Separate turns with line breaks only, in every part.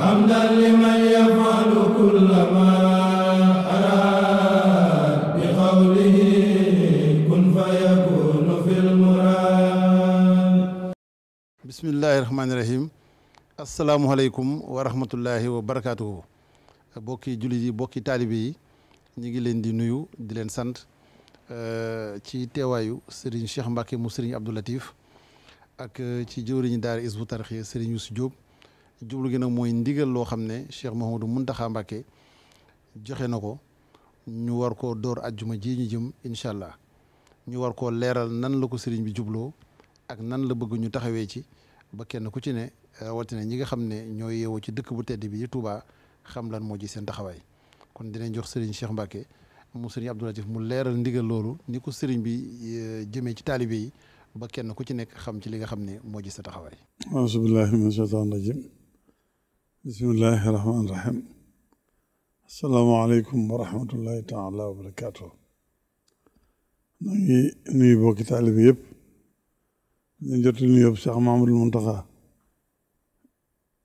bismillahi
rahmaani rahim asalaamualeykum wa rahmatullahi wa barakaatuhu bokki jullit yi bokki taalibe yi ñu ngi leen di nuyu di leen sant ci teewaayu Serigne Cheikh Mbacke mu Serigne Abdou Latif ak ci jëwriñu daara Hizbut Tarqiyyah Serigne si Diop jublu gi nag mooy ndigal loo xam ne Cheikh Mouhamadou Mountakha Mbacké joxe na ko ñu war koo door ajjuma ji ñu jëm incha allah ñu war koo leeral nan la ko sëriñ bi jubloo ak nan la bëgg ñu taxawee ci ba kenn ku ci ne rawatina ñi nga xam ne ñoo yeewoo ci dëkk bu tedd bi di xam lan moo ji seen taxawaay kon dinañ jox sëriñ Cheikh Mbacké mu sëriñ Abdou Latif mu leeral ndigal loolu ni ko sëriñ bi eh, jëmee ci taalibe yi ba kenn ku ci nekk xam ci li nga xam ne moo ji sa taxawaay.
bismillahi rahmaani rahim asalaamaaleykum wa rahmatullahi taala wa barakaatu nu ngi nuyu bokki taalibi yëpp ñu jotti nu yóbbu Cheikh Mahamadul Muntaxa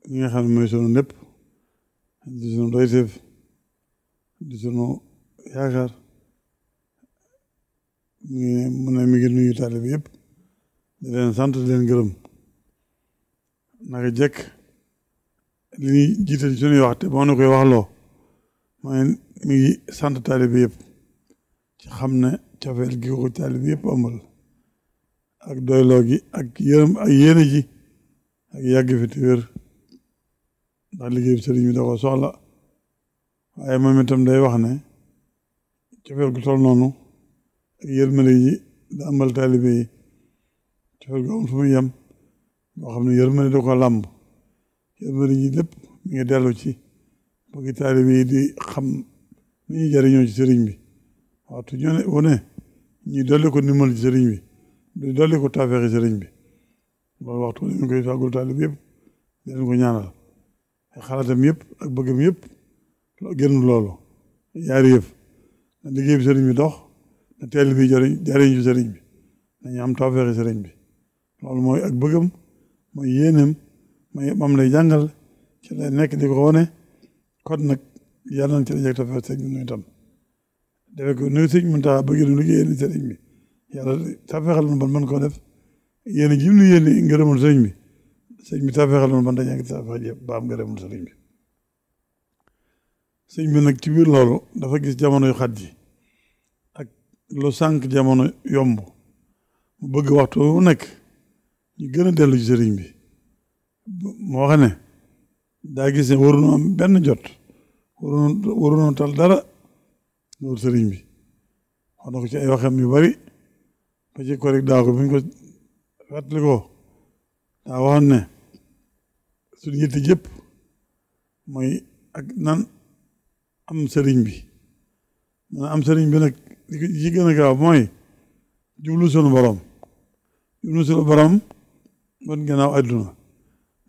ñi nga xam ne mooy sunu népp di sunu doyteef di sunu yaakaar ñu mu ne mi ngi nuyu taalibi yëpp leen sant di leen gërëm naka jekk li ñuy jiital suñuy wax te koy wax ma mooy mi ngi sant taalibe yëpp xam ne cofeel gi ko taalibe yëpp amal ak doyloo gi ak yërëm ak yéene ji ak yàgg fi te wér ndax liggéey bi sëriñ bi da ko soxla day wax ne cofeel gu noonu ak yërmale ji da amal taalibe yi cofeel gu am fu boo xam ne yërmale da ko làmb yalwari ji lépp mi ngi dellu ci bokki taalibe yi di xam nu ñuy jariñoo ci sëriñ bi waxtu ñone wone ñu dolli ko ndimbal ci sëriñ bi du dolli ko taafeexi sëriñ bi loolu waxtu ne ñu koy fàggul taalibe yëpp leen ko ñaanal xalaatam yëpp ak bëggam yëpp génn loolu yaari yëf na liggéey bi sëriñ bi dox na teel bi jariñ jariñ ci sëriñ bi nañu am taafeexi sëriñ bi loolu mooy ak bëggam mooy yéeneem moom lay jàngal ci nekk di ko wone kot nag yàlla nañ ci la jeg tafe sëñ bi nuy tam defe ko nuyu sëñ mun taa bëgg nu liggéey ni sëriñ bi yàlla tafeexal koo def yéen jim nu yéen ngërëmul sëriñ bi sëñ bi tafeexal nu ban dañu tafeex yëpp baam am ngërëmul sëriñ bi sëñ bi nag ci biir loolu dafa gis jamono yu xat ji ak lu sànq jamono yomb mu bëgg waxtu nekk ñu gën dellu ci sëriñ bi moo xam ne daa gis am benn jot waruñu waruñu tal dara loolu sëriñ bi wax na ko ci ay waxam yu bari ba ci ko rek daa ko bi ko daa waxoon ne suñu yitte jëpp mooy ak nan am sëriñ bi man am sëriñ bi nag li ci gën a mooy jublu sunu borom jublu sunu borom bon gannaaw adduna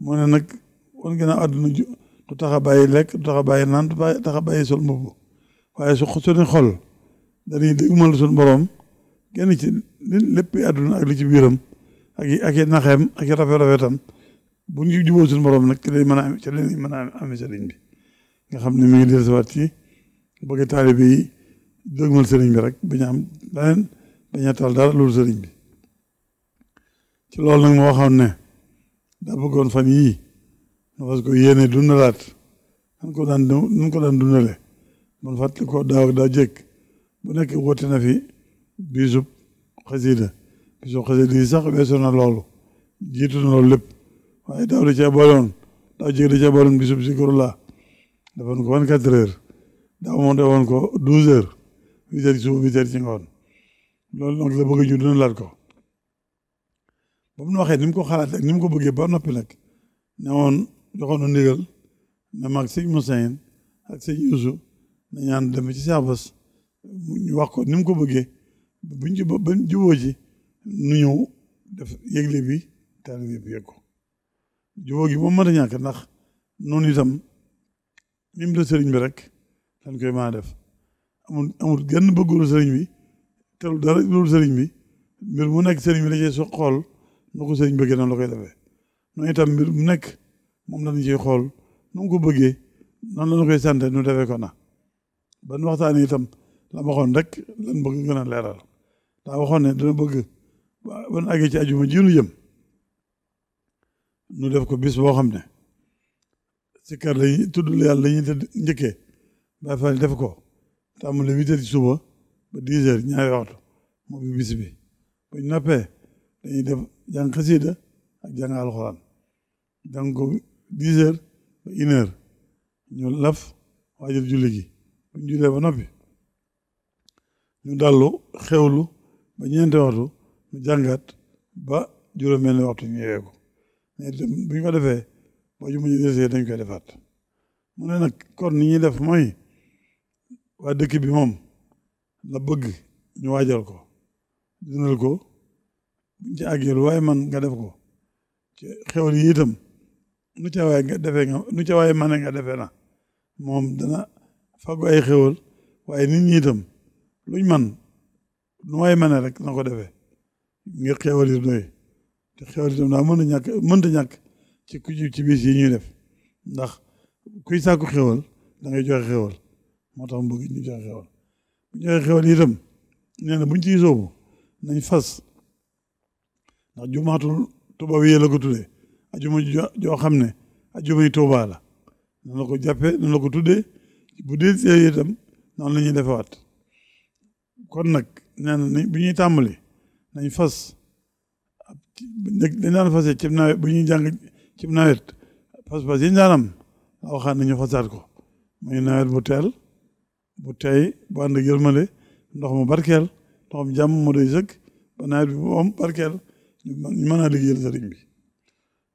moo ne nag wan ginnaaw àdduna ju du tax a bàyyi lekk du tax a bàyyi naan du tax a bàyyi sol mbubb waaye su suñu xol dañuy dégmal suñu borom genn ci lépp àdduna ak li ci biiram ak i ak i naxeem ak i rafet rafetam bu ñu juboo suñu borom nag ci lay mën a ci lay mën a amee sëriñ bi nga xam ne mi ngi dellusiwaat ci bëgg taalibe yi dégmal sëriñ bi rek bañ am leneen bañ a tal dara loolu sëriñ bi ci loolu nag moo waxoon ne daa bëggoon fan yii parce que yéene dundalaat nan ko daan nan ko daan dundale man fàttali ko daaw daa jëkk bu nekk woote na fi bisub xasida bisub xasida yi sax weesu na loolu jiitu na loolu lépp waaye daaw da cee booloon daaw jëkk da cee booloon bisub Zikrullah defoon ko vingt quatre heures daaw moom defoon ko douze heures huit heures ci suba huit ngoon loolu nag la bëgg ñu dundalaat ko ba mu waxee ni ko xalaat ak ni mu ko bëggee ba noppi nag ne woon joxoon na ndigal ne mag sëñ Musayn ak sëñ Yuusu na ñaan dem ci saabas wax ko ni ko bëggee buñ ci bañ ji nu ñëw def yëgle bi taalibe yëpp yëg ko jubóo gi moom mën a ñàkk ndax noonu itam mim la sëriñ bi rek dañ koy mën def amul amul genn bëggul sëriñ bi te dara lu sëriñ bi mbir mu nekk sëriñ bi da cee xool nu ko sëriñ bëggee noonu la koy defee noonu itam mbir mu nekk moom lañu ciy xool nu ko bëggee noonu la ñu koy sante nu defee ko na ban waxtaan itam la waxoon rek lan bëgg gën a leeral daa waxoon ne dana bëgg ban àggee ci ajuma ji nu jëm nu def ko bis boo xam ne si kar lañu tudd yàlla lañuy tëdd njëkkee ba fa def ko tàmbali la heures ci suba ba dix heures ñaari waxtu moo bis bi bañ nappee dañuy def jàng xasida ak jàng alxuraan jàng ko dix ba une ñu laf waajal julli gi buñ jullee ba noppi ñu dallu xewlu ba ñeenti waxtu ñu jàngaat ba juróom-benn waxtu ñu yeewee ko mais buñ ko defee boo ju dañ koy defaat mu ne nag kon ni ñuy def mooy waa dëkk bi moom la bëgg ñu waajal ko dundal ko ci àggee waaye man nga def ko ci xewal yi itam nu ca waay defee nga nu ca waay mane nga defee na moom dana fàggu ay xewal waaye nit ñi itam luñ man nu waay mane rek na ko defee ngir xewal yi doy te xewal itam daa mënta ñàkk ci ku ci bis yi ñuy def ndax kuy sàkku xewal da joxe xewal moo tax mu bëgg ñu joxe xewal bu joxe xewal itam nee buñ ciy nañ fas ndax jumaatul tubaab yi la ko tuddee ajuma joo xam ne ajumay tuubaa la noonu na ko jàppe noonu la ko tuddee bu dee see itam noonu la ñuy defewaat kon nag nee bu ñuy tàmbali nañ fas dañ bu ñuy jàng cib nawet fas-fas yi ñu daan am la waxaat nañu fasaat ko muy nawet bu teel bu tey bu ànd ak yërmande ndox mu barkeel ndox mu jàmm mu sëkk ba nawet bi bu barkeel ñu mën a liggéeyal sëriñ bi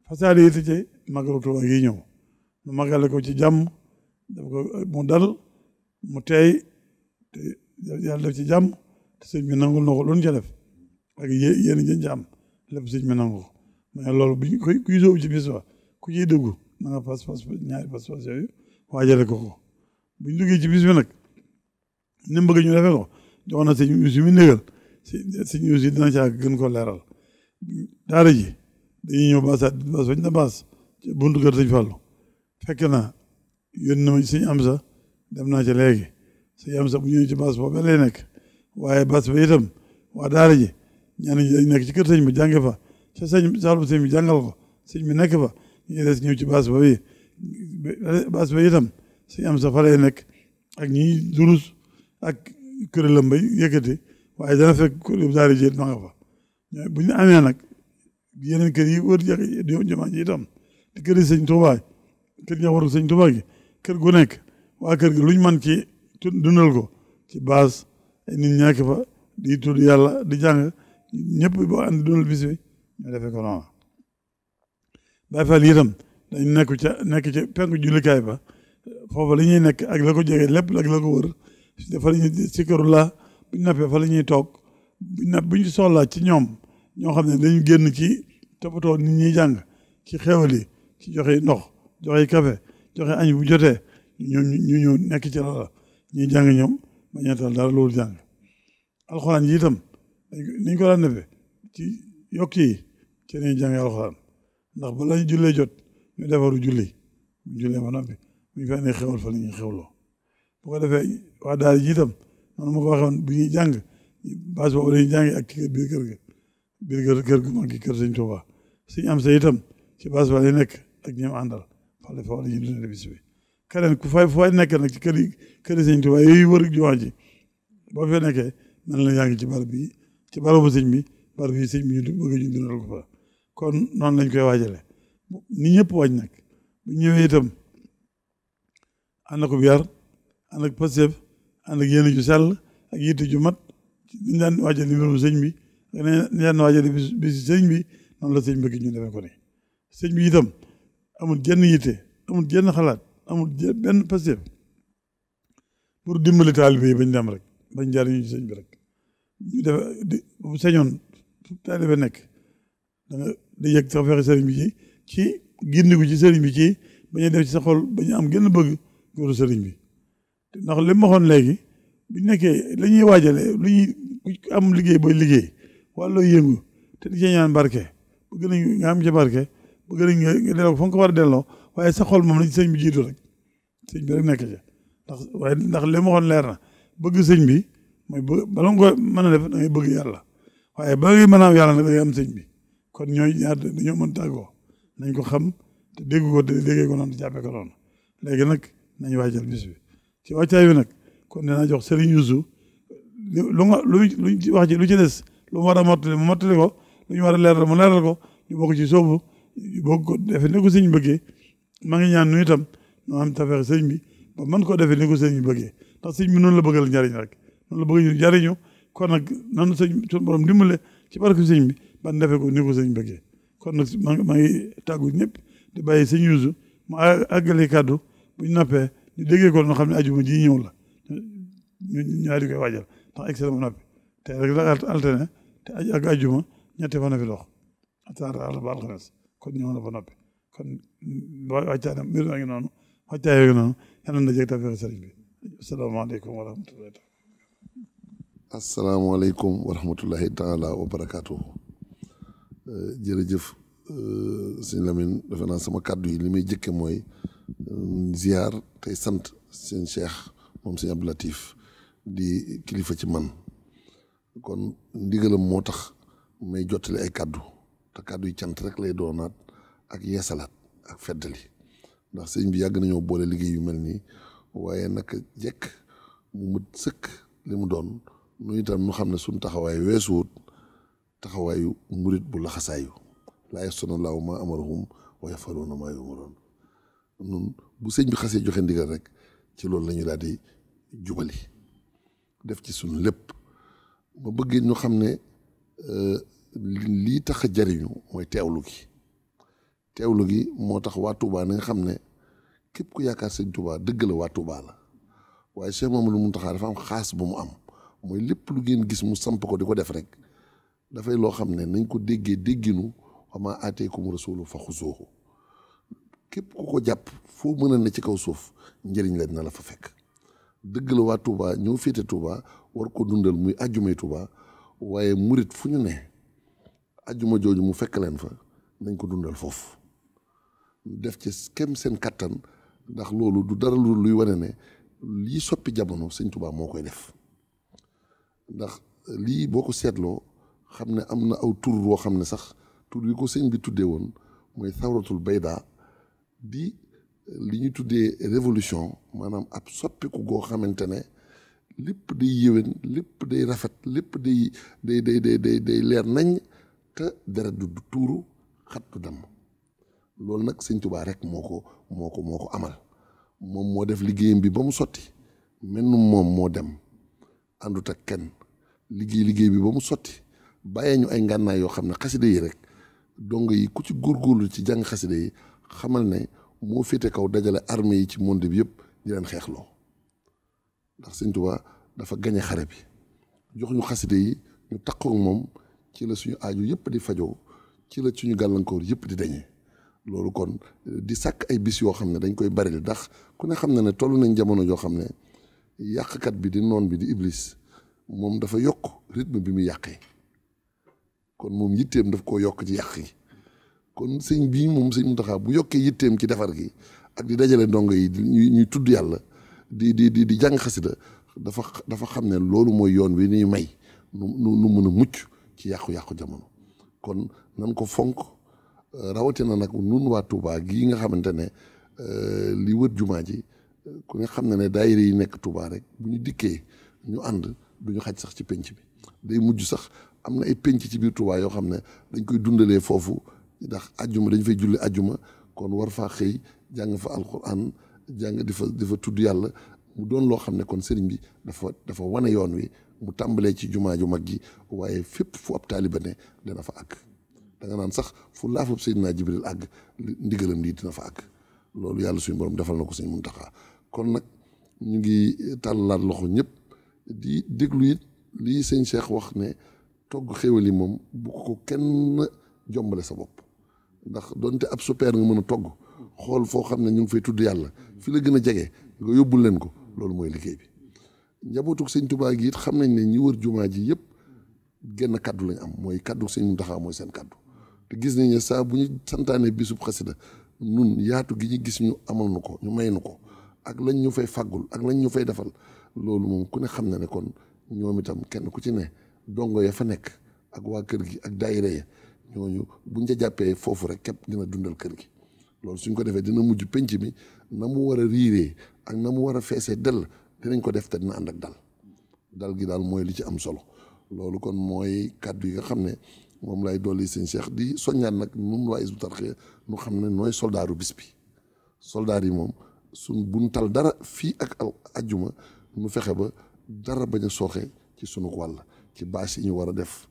façade yi ci magalu Tuuba gi ñëw mu magale ko ci jàmm def ko mu dal mu teey te yàlla def ci jàmm te sëñ bi nangul na ko lu ñu ca def ak yéen a jën jàmm lépp sëñ bi nangu ko loolu bu ñu koy kuy sóobu ci bis ba ku ciy dëggu na nga fas fas ñaari fas fas yooyu waajale ko ko bu ñu ci bis bi nag ni mu bëgg ñu defee ko jox na sëñ bi aussi mi négal sëñ bi aussi dina caa gën ko leeral daara ji dañuy ñëw baas at baas bañ na baas buntu kër sëñ Fallou fekk na yónni ma sëñ Amsa dem naa ca léegi sëñ Amsa bu ñëwee ci baas boobu lay nekk waaye baas ba itam waa daara ji ñaan ñi dañ nekk ci kër sëñ bi jànge fa ca sëñ saalu sëñ bi jàngal ko sëñ bi nekk fa ñu des ñëw ci baas ba yi baas ba itam sëñ Amsa fa lay nekk ak ñiy durus ak kuréelam bay yëkkati waaye dana fekk kuréel daara ji ma nga fa Eh, bu ñu amee nag yeneen kër yi wër jumaa ji itam di kër yi sëñ Tuubaa kër ña waru sëñ Tuubaa gi kër gu nekk waa kër gi luñ man ci dundal ko ci baas nit ñàkk fa di tudd yàlla di jàng ñëpp boo ànd dundal bis bi dañ nekk ca nekk ca penku jullikaay ba foofa la ñuy nekk ak la ko jege lépp ak la ko wër dafa la ñuy sikkaru la buñ nappee fa la ñuy toog buñ napp buñ soxlaa ci ñoom ñoo xam ne dañu génn ci toppatoo nit ñuy jàng ci xéwal yi ci joxe ndox joxe café joxe añ bu jotee ñu ñu ñu nekk ci loola ñuy jàng ñoom ma ñettal dara loolu jàng alxuraan ji itam niñ ko daan defee ci yokk yi ci nañu jàng alxuraan ndax ba lañ jullee jot ñu defaru julli ñu jullee noppi bu ñu fa ne xewal xewlo la ñuy xewloo bu ko defee waa daal ji itam noonu ma ko waxoon bu ñuy jàng base boobu la ñuy jàng ak ci biir kër gi biir kër kër gu mag gi kër sëñ Tuuba suñu itam ci baas ba lay nekk ak ñoom àndal fale fa wala ñu dundale bis bi keneen ku fay fay nekk nag ci kër yi kër sëñ Tuuba yooyu wër jumaa ji boo fee nekkee mel na yaa ngi ci barab bi ci barabu sëñ bi barab yi sëñ bi ñu bëgg ñu dundal ko fa kon noonu lañ koy waajale ni ñëpp waaj nag bu ñëwee itam ànd ak yar ànd ak pasef ànd ak yéene ju sell ak yitte ju mat ñu daan waajal numéro sëñ bi yenn waa jëli bis bis sëñ bi noonu la sëñ bëgg ñu defee ko ni sëñ bi itam amul jenn yitte amul jenn xalaat amul benn pasif pour dimbali taalibe yi bañ dem rek bañ jariñu ci sëñ bi rek ñu def bu sañoon nekk da di yëg sax fexe sëriñ bi ci ci gindiku ci sëriñ bi ci bañu def ci sa xol bañu am gën a bëgg góoru sëriñ bi ndax li waxoon léegi bu nekkee la ñuy waajale am liggéey booy liggéey wala looy yëngu te di cee ñaan barke bëgg nañ nga am ci barke bëgg nañ nga ko war a delloo waaye sa xol moom la ci sëñ bi jiito rek sëñ bi rek nekk ci ndax waaye ndax li leer na bëgg sëñ bi mooy bëgg bala nga ko mën a def da bëgg yàlla waaye bala ngay mën da ngay am sëñ bi kon ñooy ñaar dañoo mën tàggoo nañ ko xam te dégg ko te déggee ko noonu te jàppee ko noonu léegi nag nañ waajal bis bi ci wàccaay bi nag kon dinaa jox Serigne Youssou lu nga lu ci lu loolu mu war a mottali mu mottali ko lu ñu war a leeral mu leeral ko ñu bokk ci soobu ñu bokk ko defe ni ko sëñ bëggee maa ngi ñaan nu itam nu am tafeex sëñ bi ba man ko defee ni ko sëñ bëggee ndax sëñ bi la bëggal njariñ rek noonu la bëgg ñu njariñu kon nag nanu sëñ suñu borom dimbale ci barke sëñ bi ban defee ko ni ko sëñ bëggee ko nag maa ngi maa ngi tàggu ñëpp di bàyyi sëñ Yuusu mu àggale kàddu bu ñu nappee ñu déggee ko noo xam ne ajuma ji ñëw la ñu ñaari koy waajal ndax excellent mu noppi te rek la alterné te ak ajjuma ñetti fan a fi dox attaar àlba alxames kon ñëw na ba noppi kon wàccaane mbir maa ngi noonu wàccaa yooyu noonu yal na jeg tafeex sëriñ bi asalaamaaleykum wa rahmatullahi
taala asalaamaaleykum euh, jërëjëf euh, sëñ Lamine defe naa sama kàddu yi li muy jëkke mooy euh, ziar tey sant seen cheikh moom sëñ Abdou Latif di kilifa ci man kon ndigalam moo tax may jottali ay kàddu te kàddu yi cant rek lay doonaat ak yeesalaat ak feddali ndax sëñ bi yàgg nañoo boole liggéey yu mel nii waaye naka jekk mu mët sëkk li mu doon nu itam nu xam ne suñ taxawaay weesuwut taxawaayu murit bu laxasaayu laa yasuna laahu maa amarahum wa yafaluuna maa yumaroon nun bu sëñ bi xasee joxe ndigal rek ci loolu lañuy ñu di jubali def ci suñ lépp ma bëgg ñu xam ne euh, lii tax a jariñu mooy teewlu gi teewlu gi moo tax waa Touba na nga xam ne képp ku yaakaar sëñ Touba dëgg la waa Touba la waaye Cheikh Mamadou Mountakha dafa am xaas bu mu am mooy lépp lu ngeen gis mu samp ko di ko def rek dafay loo xam ne nañ ko déggee dégginu xama aateykum rasulu fa xusuuhu képp ku ko jàpp foo mën a ne ci kaw suuf njëriñ la la fa fekk dëgg la waa Touba ñoo féete Touba war ko dundal muy ajjumay Touba waaye murit fu ñu ne ajjuma jooju mu fekk leen fa nañ ko dundal foofu def ci kem seen kattan ndax loolu du dara lu luy wane ne lii soppi jamono sëñ Touba moo koy def ndax lii boo ko seetloo xam ne am na aw tur woo xam ne sax tur yi ko sëñ bi tuddee woon mooy sawratul bayda di li ñu tuddee révolution maanaam ab soppiku goo xamante ne lépp day yéwén lépp day rafet lépp day day day day leer nañ te deret du tuuru xat du damm loolu nag sëñ Tuubaa rek moo ko moo ko amal moom moo def liggéeyam bi ba mu sotti menn moom moo dem àndut ak kenn liggéey liggéey bi ba mu sotti bàyyee ñu ay ngànnaay yoo xam ne xasida yi rek dongo yi ku ci góorgóorlu ci jàng xasida yi xamal ne moo féete kaw dajale armée yi ci moon bi yëpp di leen xeexloo ndax Sëñ Tuubaa dafa gañe xare bi jox ñu xaside yi ñu takkook moom ci la suñu aaju yëpp di fajoo ci la suñu gàllankoor yëpp di dañee loolu kon di sàkk ay bis yoo xam ne dañ koy bari ndax ku ne xam na ne toll nañ jamono joo xam ne yàqkat bi di noon bi di iblis moom dafa yokk rythme bi mu yàqee kon moom yitteem daf koo yokk ci yàq yi kon sëñ bii moom sëñ Muntaxa bu yokkee yitteem ci defar gi ak di dajale dongo yi ñuy tudd yàlla di di di di jàng xasida dafa dafa xam ne loolu mooy yoon wi ñuy may nu nu mën a mucc ci yàqu-yàqu jamono kon nan ko fonk rawatina nag nun waa Touba gii nga xamante ne euh, li wër jumaa ji ku nga xam ne ne daayira yi nekk Touba rek bu ñu dikkee ñu ànd duñu xaj sax ci penc bi day mujj sax am na ay penc ci biir Touba yoo xam ne dañ koy dundalee foofu ndax ajjuma dañ fay julli ajjuma kon war faa xëy jàng fa alquran jàng di fa di fa tudd yàlla mu doon loo xam ne kon sëriñ bi dafa dafa wane yoon wi mu tàmbalee ci jumaa ju mag ji waaye fépp fu ab taaliba ne dina fa àgg danga naan sax fu laafab Seydina Jibril àgg ndigalam lii dina fa àgg loolu yàlla suñu borom defal na ko suñ Muntaxa kon nag ñu ngi tàllalaat loxo ñëpp di déglu it lii sëñ Cheikh wax ne togg xéwal yi moom bu ko kenn jombale sa bopp ndax donte ab sopeer nga mën a togg xool foo xam ne ñu ngi fay tudd yàlla fi la gën a jege nga yóbbul leen ko loolu mooy liggéey bi njabootug sëñ Tuubaa gi it xam nañ ne ñi wër jumaa ji yëpp genn kaddu lañ am mooy kaddu sëñ Muntaxaa mooy seen kaddu te gis nañ ne saa bu ñu santaanee bisub xasida nun yaatu gi ñu gis ñu amal nu ko ñu may na ko ak lañ ñu fay faggul ak lañ ñu fay defal loolu moom ku ne xam na ne kon ñoom itam kenn ku ci ne dongo ya fa nekk ak waa kër gi ak daayira ya ñooñu buñ ca jàppee foofu rek képp dina dundal kër gi loolu suñ ko defee dina mujj penc mi na mu war a riiree ak na mu war a feesee dell dinañ ko def te dina ànd ak dal dal gi daal mooy li ci am solo loolu kon mooy kàddu yi nga xam ne moom lay dolli sëñ Cheikh di soññaan nag moom waa Hizbut Tarqiyyah nu xam ne nooy soldaaru bis bi soldaar yi moom suñ tal dara fii ak al ajjuma nu fexe ba dara bañ a sooxe ci sunu wàll ci bâche yi ñu war a def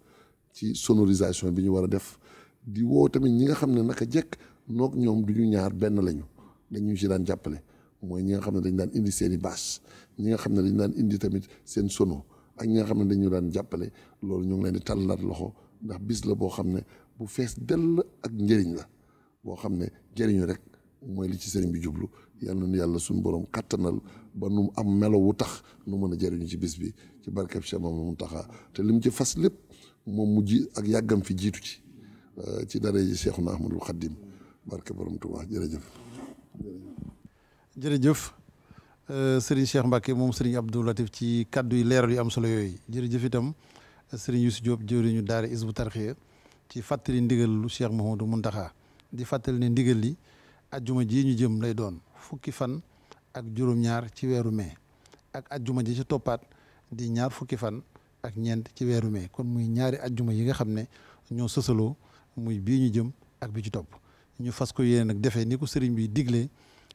ci sonorisation bi ñu war a def di woo tamit ñi nga xam ne naka jekk noog ñoom du ñu ñaar benn lañu dañu ci daan jàppale mooy ñi nga xam ne dañu daan indi seen i bâche ñi nga xam ne dañ daan indi tamit seen sono ak ñi nga xam ne dañu daan jàppale loolu ñu ngi leen di tàllaat loxo ndax bis la boo xam ne bu fees dell ak njëriñ la boo xam ne njëriñu rek mooy li ci sëriñ bi jublu yal na nu yàlla suñu borom kàttanal ba nu am melo wu tax nu mën a jëriñu ci bis bi ci barkeb Cheikh Mamadou Mountakha te lim ci fas lépp. moom mu ji ak yàggam fi jiitu ci euh, ci dara ji Seexuna Ahmadul Xaddim barke borom Tuubaa jërëjëf
jërëjëf euh, Serigne Cheikh moom Serigne Abdou Latif ci kaddu yi leeral yu am solo yooyu jërëjëf itam Serigne Youssou Diop jëwriñu daara Hizbut Tarqiyyah ci fàttali ndigal lu Cheikh Mouhamadou Mountakha di fàttali ne ndigal li ajjuma ji ñu jëm lay doon fukki fan ak juróom-ñaar ci weeru mai ak ajjuma ji ci toppaat di ñaar fukki fan ak ñeent ci weeru mai kon muy ñaari ajjuma yi nga xam ne ñoo sësaloo muy bii ñu jëm ak bi ci topp ñu fas ko yéene nag defee ni ko sëriñ bi diglee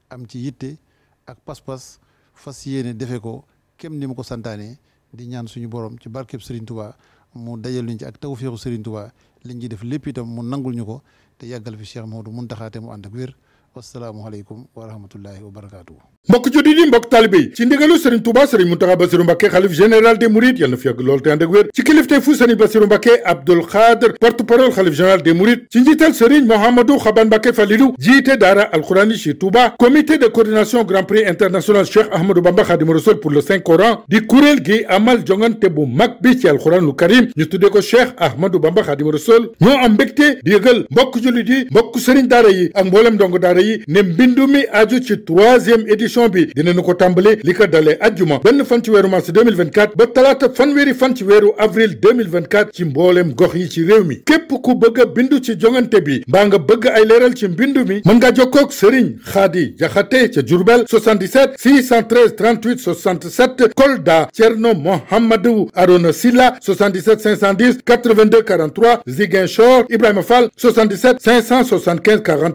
am ci yitte ak pas-pas fas yéene defee ko kem ni mu ko santaanee di ñaan suñu borom ci barkeb sëriñ Touba mu dajal ñu ci ak tawféexu sëriñ Touba liñ ci def lépp itam mu nangul ñu ko te yàggal fi Cheikh Maodo mun taxaate mu ànd ak wér wasalaamualeykum wa rahmatullahi wa barakaatu.
mbokk juddi di mbokk taalibe yi ci ndigalu sëriñ Touba sëriñ Mountakha Bassirou Mbacké xalif général des Mourides yal na fi yàgg lool te ànd ak wér ci kilifte fu sëriñ Bassirou Mbacké Abdoul Khadr porte-parole xalif général des Mourides ci njiital sëriñ Mouhamadou Xaban Mbacké Falilou jiite daara alxuraani ci Touba comité de coordination grand prix international Cheikh Ahmadou Bamba Khadimou Rassoul pour le Saint Coran di kuréel gi amal jongante bu mag bi ci alxuraanul karim ñu tuddee ko Cheikh Ahmadou Bamba Khadimou Rassoul ñoo am mbégte di yëgal mbokk jullit yi mbokk sëriñ daara yi ak mboolem ndongo yi ne mbindu mi aju ci troisième édition bi dinañu ko tàmbali li ko dalee ajjuma benn fan ci weeru mars 2024 ba talaata fanweeri fan ci weeru avril 2024 ci mbooleem gox yi ci réew mi képp ku bëgg a ci jongante bi mbaa nga bëgg ay leeral ci mbindu mi mën nga jokkoog Serigne Khady Diakhaté ca Diourbel 77 613 38 67 Kolda Thierno Mohamedou Arona Silla 77 510 82 43 Ziguinchor Ibrahima Fall 77 575 41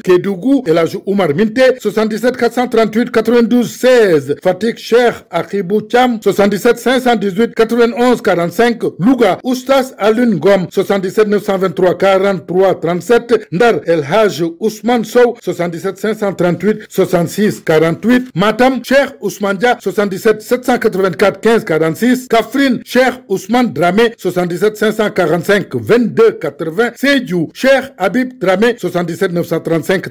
92 Kédougou El Hadj Oumar Minté 77 438 92 16 Fatick Cheikh Akibou Thiam 77 518 91 45 Louga Oustaz Alioune Ngom 77 923 43 37 Ndar El Hadj Ousmane Sow 77 538 66 48 Matam Cheikh Ousmane Dia 77 784 15 46 Kaffrine Habib Dramé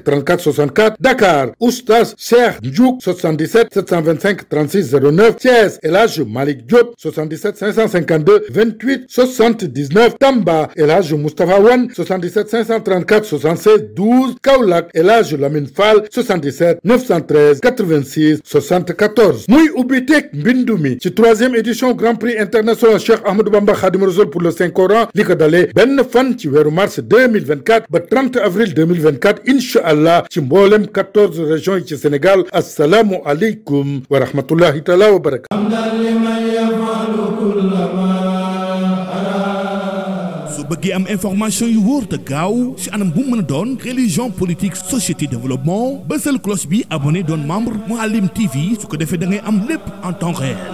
725 34 64, Dakar, Oustas, Cher, Djouk 77 725 36 09, Thiès, Elage Malik Diop 77 552 28 79, Tamba, Elage Mustafa Wan 77 534 76 12, Kaulak, Elage Lamine Fall 77 913 86 74. muy ubbiteeg mbindu mi ci troisième édition grand prix international Cheikh Ahmadou Bamba Khadim Rassoul pour le Saint Coran li ko dalee benn fan ci weeru mars ba avril allah ci mboolem quatorze régions yi ci Sénégal assalaamu aleykum wa rahmatullahi taala wa su bëggee am information yu wóor te gaaw si anam bu mu mën a doon religion politique société développement bësal cloche bi abonné doon membre Mouhalim TV su ko defee da ngay am lépp en temps réel